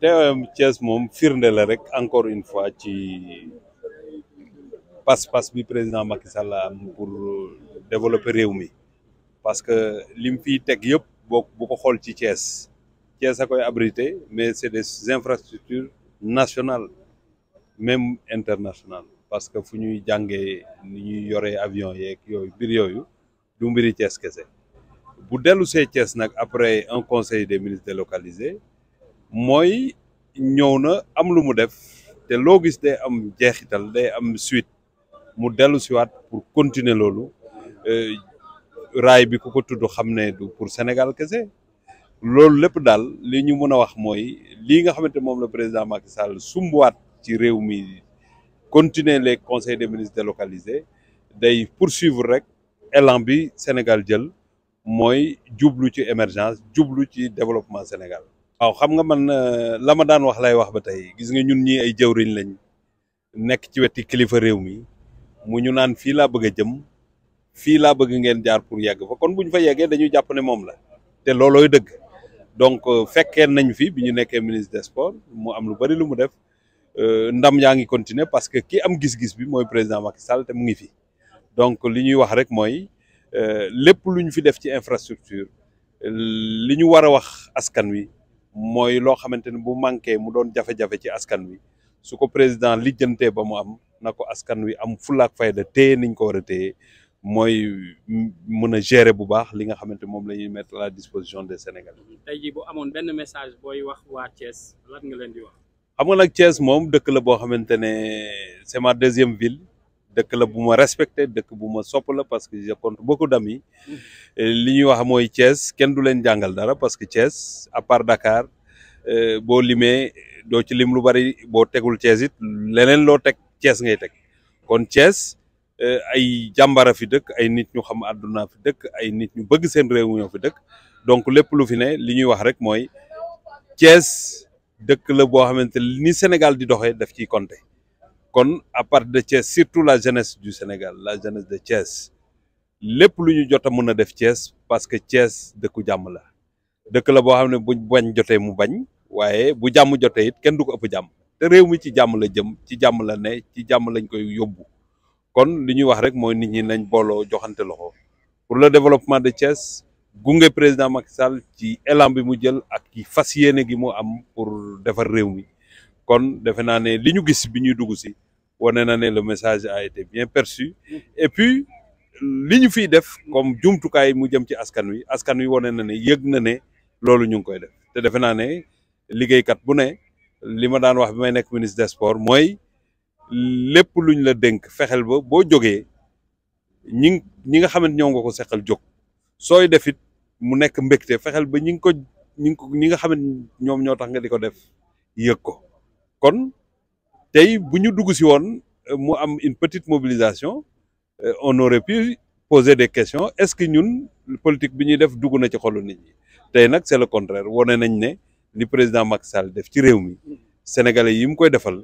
teewaayam um, Thiès mom firndé la rek encore une fois ci pas-pas bi président Macky Sall am pour développer réew parce que lim fi fiy yépp yëpp boo bu ko ci Thiès Thiès a abrité mais c'est des infrastructures nationales même internationales parce que fu jangé jàngee ni ñuy yoree avion yeeg yooyu mbir yooyu du mbiri Thiès kessé bu dellu sé Thiès nak après un conseil des ministres localisé moy ñewna am lu mu def té lo gis day am jéxital dé am suite mu ci wat pour continuer euh ray bi ku ko tudd xamné du pour Sénégal kessé lolu lépp dal li ñu mëna wax moy li nga xamanté mom le président Macky Sall wat ci réew mi continuer les conseils des ministres délocalisés day poursuivre rek élan bi Sénégal jël moy djublu ci émergence djublu ci développement Sénégal waaw xam nga man euh, la ma daan wax lay wax ba tey gis nga ñun ñi ay jëwriñ lañ nek ci weti kilifa réew mi mu ñu naan fi la bëgg jëm fi la bëgg ngeen jaar pour yegg fa kon buñ fa yeggé dañu japp né mom la té loolooy dëgg donc euh, fekkee nañ fi biñu ñu ministre des sports mu am lu bari lu mu def euh, ndam yaangi continuer parce que ki am gis-gis bi moy président Macky Sall té mu ngi fi donc li ñuy wax rek moy lépp lu ñu fi def ci infrastructure li ñu war wax askan wi. mooy loo xamante ni bu manqué mu doon jafe-jafe ci askan wi su ko président lijjantee ba mu am na ko askan wi am fulaak fayda téye niñ ko war a téye mooy mën a gérer bu baax li nga xamante moom la ñuy mettre la disposition de sénégal tey jii bu amoon benn message booy wax waa Thiès lan nga leen di wax. xam nga nag Thiès moom dëkk la boo xamante ne c'est ma deuxième ville dëkk la bu ma respecté dëkk bu ma sop la parce que je compte beaucoup d'amis. Mm. li ñuy wax mooy cees kenn du leen jàngal dara parce que cees à part Dakar euh, boo limee doo ci lim lu bari boo tegul cees it leneen loo teg cees ngay teg kon Thiès euh, ay jàmbara fi dëkk ay nit ñu xam àdduna fi dëkk ay nit ñu bëgg seen réew ñoo fi dëkk donc lépp lu fi ne li ñuy wax rek mooy Thiès dëkk la boo xamante ni Sénégal di doxee daf ci compter kon à de Thiès surtout la jeunesse du Sénégal la jeunesse de Thiès. lépp lu ñu jot a a def cees parce que Thiès dëkku jàmm la dëkk la boo xam ne buñ bañ jotee mu bañ waaye bu jàmm jote it kenn du ko ëpp jàmm te réew mi ci jàmm la jëm ci jàmm la ne ci jàmm lañ koy yóbbu kon li ñuy wax rek mooy nit ñi nañ booloo joxante loxo pour le développement de Thiès gunge président Macky Sall ci élan bi mu jël ak ci fas yéene gi mu am pour defar réew mi kon defe naa ne li ñu gis bi ñuy dugg si wane na ne le message a été bien perçu et puis li ñu fiy def comme jumtukaay mu jëm ci askan wi askan wi wane na ne yëg na ne loolu ñu ngi koy def te defe naa ne liggéeykat bu ne li ma daan wax bi may nekk ministre des sports mooy lépp luñ la dénk fexeel ba boo jógee ñi ñi nga xamante ñoo nga ko seqal jóg sooy def it mu nekk mbégte fexeel ba ñi ngi ko ñi ngi ko ñi nga xamante ñoom ñoo tax nga di ko def yëg ko kon tey bu ñu dugg si woon mu am une petite mobilisation Euh, on aurait pu poser des questions est-ce que ñun politique bi nous def dugg na ci xolu nit ñi c'est le contraire Nous nañ ne ce président Macky Sall def ci fait. mi sénégalais yi mu koy defal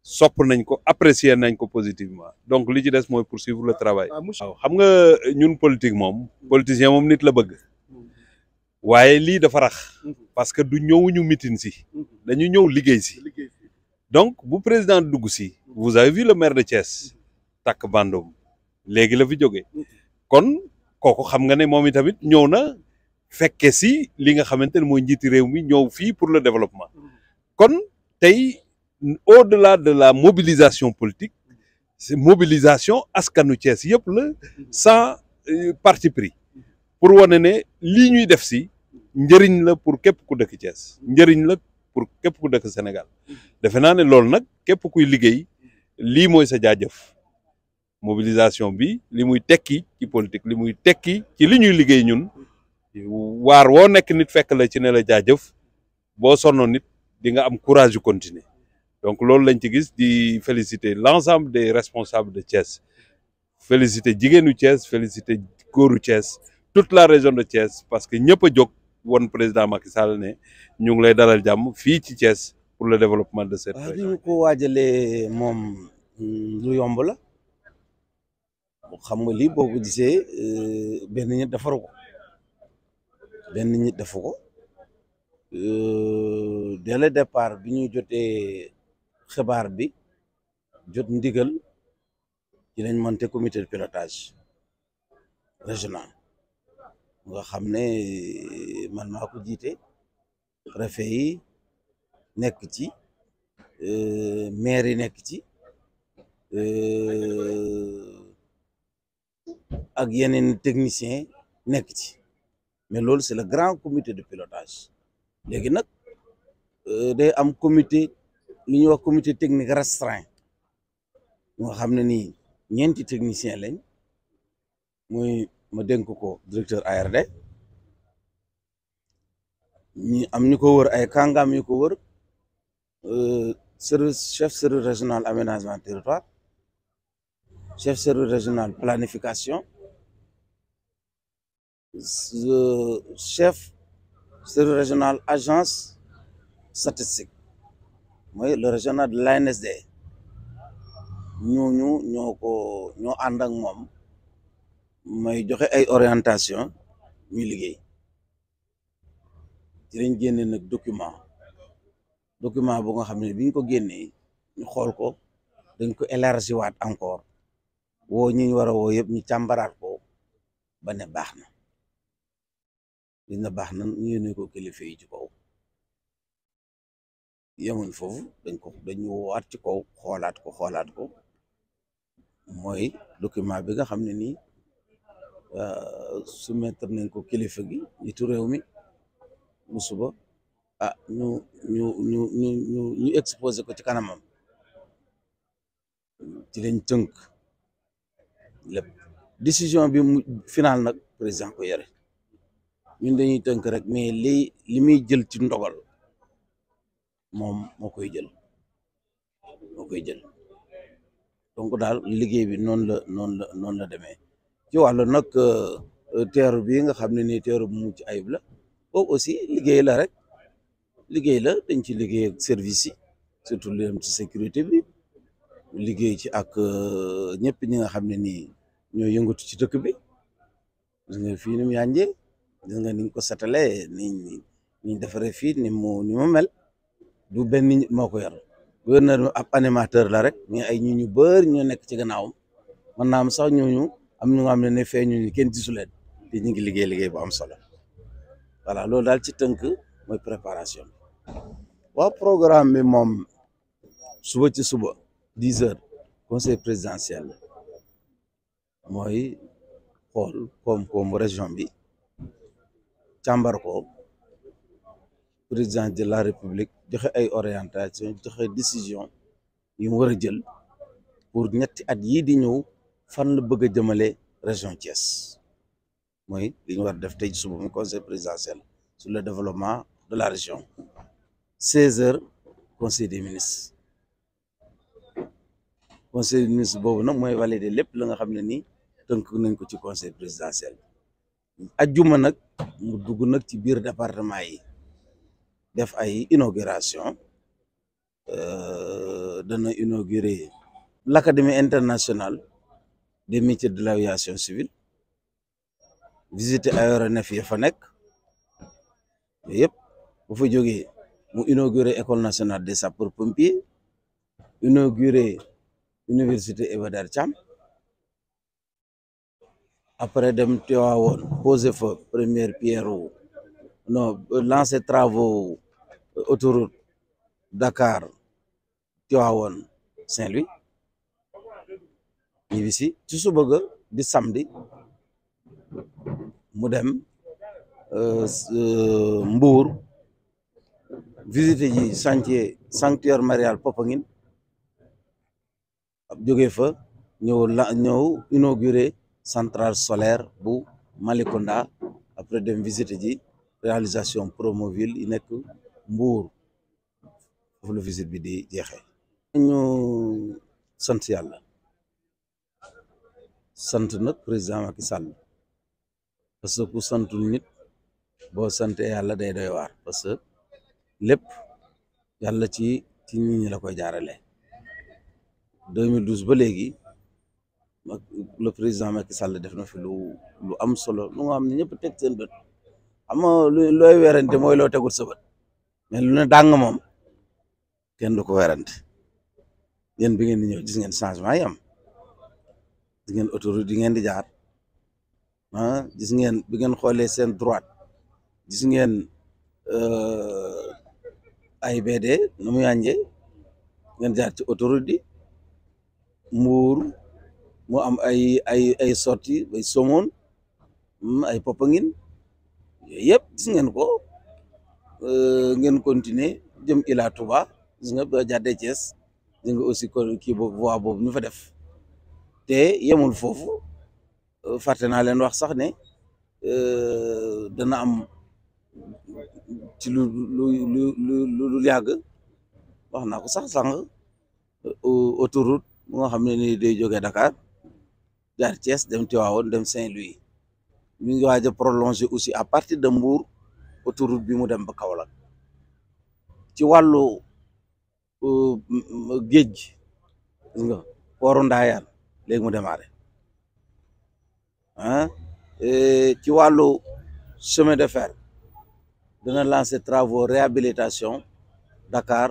sopp nañ ko apprécier nañ ko positivement donc li ci des mooy poursuivre le travail. Ah, waaw xam nga euh, ñun politique moom. pas moom nit la bëgg. waaye lii dafa rax. parce que du ñëwuñu meeting si. dañu ñëw liggéey si. donc le président est si. vous avez vu le maire de Thiès. Tak Bandoum légui la fi jógee kon koko xam nga né momi tamit ñëw na féké si li nga xamante moy mooy njiiti réew mi ñëw fi pour le développement kon tay au-delà de la mobilisation politique c'est mobilisation askanu ties yépp la sans euh, parti pris pour woné né li ñuy def si njëriñ la pour képp ku dëkk ties njëriñ la pour képp ku dëkk Sénégal defe na né lool nak képp kuy liggéey li moy sa jaajëf mobilisation bi li muy qui politique li muy ci li ñuy ñun nit fekk la ci courage donc loolu lañ féliciter l'ensemble des responsables de Thiès féliciter jigéenu Thiès féliciter Thiès toute la région de Thiès parce que ñepp a won président Macky Sall ñu lay dalal pour le développement de cette région. xam nga lii boo ko gisee euh, benn nit defaru ko benn nit defu ko euh, dès le départ bi ñu jotee xibaar bi jot ndigal ci lañ monté comité de pilotage régional nga xam ne euh, man maa ko jiite préfet yi nekk ci maire yi nekk ci. ak yeneen technicien nekk ci mais loolu c'est le grand comité de pilotage léegi nag euh, day am comité li ñuy wax comité technique restreint nga xam ne nii ñeenti technicien lañ muy ma dénk ko directeur ARD ñi am ñu ko wër ay kàngaam yu ko wër euh, service chef service régional aménagement territoire chef service régionale planification chef service régionale agence statistique mooy le régional de l'ANSD ñooñu ñoo ko ñoo ànd ak moom may joxe ay orientation ñuy liggéey ci lañ génne nag document document bu nga xam ne biñ ko génnee ñu xool ko dañ ko élargir waat encore woo ñi ñu war a woo yëpp ñu càmbaraat ko bane ne baax na dina baax na ñu yónnee ko kilifa yi ci kaw yemuñ foofu dañ ko dañu woowaat ci kaw xoolaat ko xoolaat ko mooy document bi nga xam ne nii euh, soumettre nañ ko kilifa gi nitu réew mi bu suba ah ñu ñu ñu ñu exposé ko ci kanamam ci lañ tënk lépp décision bi mu final nag président ko yore ñun dañuy tënk rek mi li li muy jël ci ndogal moom moo koy jël moo koy jël donc daal liggéey bi noonu la noonu la noonu la demee ci wàllu nag euh, teeru bi nga xam ne nii teeru bu mucc ayib la boobu aussi liggéey la rek liggéey la dañ ci liggéey ak service yi surtout lu ci sécurité bi liggéey ci ak euh, ñëpp ñi nga xam ne nii ñoo yëngatu ci dëkk bi fii ni mu yànjee gis nga niñ ko setalee niñ niñ defaree fii ni mu ni mu mel du benn nit moo ko yor gouverneur ab animateur la rek mais ay ñu ñu bëri ñoo nekk ci gannaawam man sax ñooñu am ñu nga ne ne fee ñu ñu kenn gisu leen te ñu ngi liggéey liggéey bu am solo voilà loolu daal ci tënk mooy préparation waaw programme bi moom suba ci suba dix heures conseil présidentiel Moi, Paul comme comme région bi càmbar ko président de la république joxe ay orientation une décision yi mu war jël pour ñetti at yii di ñëw fan la bëgg a région Thiès mooy li ñu war def tey suba conseil présidentiel sur le développement de la région 16 heures conseil des ministres conseil des ministres boobu nag mooy valider lépp la nga tënk nañ ko ci conseil présidentiel bi nag mu dugg nag ci biir département yi def ay inauguration euh, dana inaugurer l'académie internationale des métiers de la civile visiter aéronef ya fa nekk yooyu yëpp bu fa jógee mu inaugurer école nationale des sapeurs pompiers inaugurer université Iba Der Thiam après dem Tiwaawoon poser la première pierre ou non lancer travaux euh, autoroute Dakar Saint-Louis Ici, tout Ce ga di samedi mu dem euh, euh, Mbour visiter le chantier sanctuaire marial Popangin, ab fa inauguré centrale solaire bu malikonda après d'une visite dit réalisation Promoville il Mbour pour la visite bi di jexé ñu sommes yalla sante nak président Macky parce que ku nit day parce que ci ci nit ñi la koy 2012 ba le président Macky Sall def na fi lu lu am solo lu nga xam ne ñëpp teg seen bët xam nga looy werante mooy loo mais lu ne dàng moom kenn du ko werante yéen bi ngeen di ñëw gis ngeen changement yi am ngeen autoroute yi ngeen di jaar ah gis ngeen bi ngeen xoolee seen droite gis ngeen euh, AIBD nu mu yànjee ngeen jaar ci autoroute yi moo am ay ay ay sortie bay somoon ay mm, Popenguine yooyu yëpp gis ngeen ko euh, ngeen continuer jëm Ila Touba gis nga ba jàddee Thiès gis nga aussi kii boobu voie boobu ñu fa def te yemul foofu euh, fàtte naa leen wax sax ne euh, dana am ci lu lu lu lu lu yàgg wax naa ko sax sànq autoroute mu nga xam ne ni day jógee Dakar jaar dem dem Tivaouane dem Saint-Louis ñu ngi waaj a prolonger aussi à partir de Mbour autoroute bi mu dem ba Kaolack ci walu euh gi nga pooru ndayal légui mu démarré euh ci walu chemin de fer dana lancer travaux réhabilitation Dakar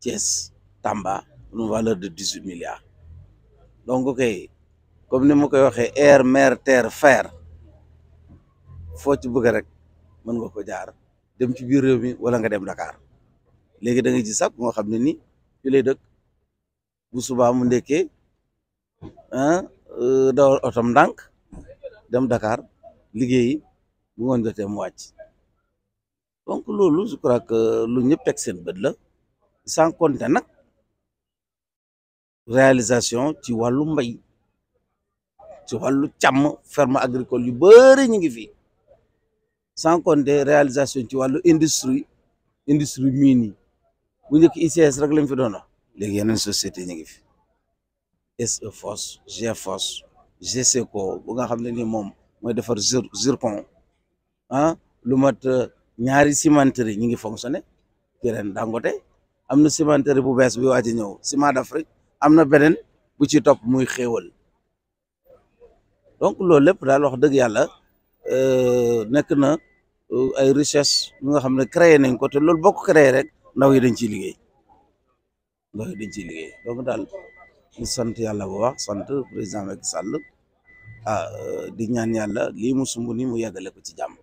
Thiès Tamba une valeur de 18 milliards donc kay comme ni ma koy waxee air mair terre fer foo ci bëgg rek mën nga jaar dem ci biir réew mi wala nga dem Dakar léegi da nga gis sax moo xam ne ni fi lay dëkk bu subaa mu ndekkee ah, euh, dawal otom ndànk dem Dakar liggéeyi bu ngoon jotee mu wàcc donc loolu je crois lu ñëpp teg seen bët la sans compter nag réalisation ci wàllu mbay ci wàllu càmm ferme agricole yu bëri ñu ngi fi sans compter réalisation ci wàllu industrie industrie mine yi bu njëkk ICS rek lañ fi doon wax léegi yeneen société ñu ngi fi SE Force GFOS ko bu nga xam ne ni moom mooy defar zircon ah lu mat euh, ñaari cimenterie ñu ngi fonctionné keneen Dangote am na cimenterie bu bees bi waaj a ñëw ciment d'Afrique am na beneen bu ci topp muy xéewal donc loolu lépp daal wax dëgg yàlla euh, nekk na euh, ay richesse yu nga xam ne créé nañ ko te loolu boo ko créé rek ndaw yi ciy liggéey ndaw yi dañ ciy liggéey donc daal ñu sant yàlla bu baax sant président Macky Sall ah euh, di ñaan yàlla lii mu sumb nii mu yàggale ko ci jàmm.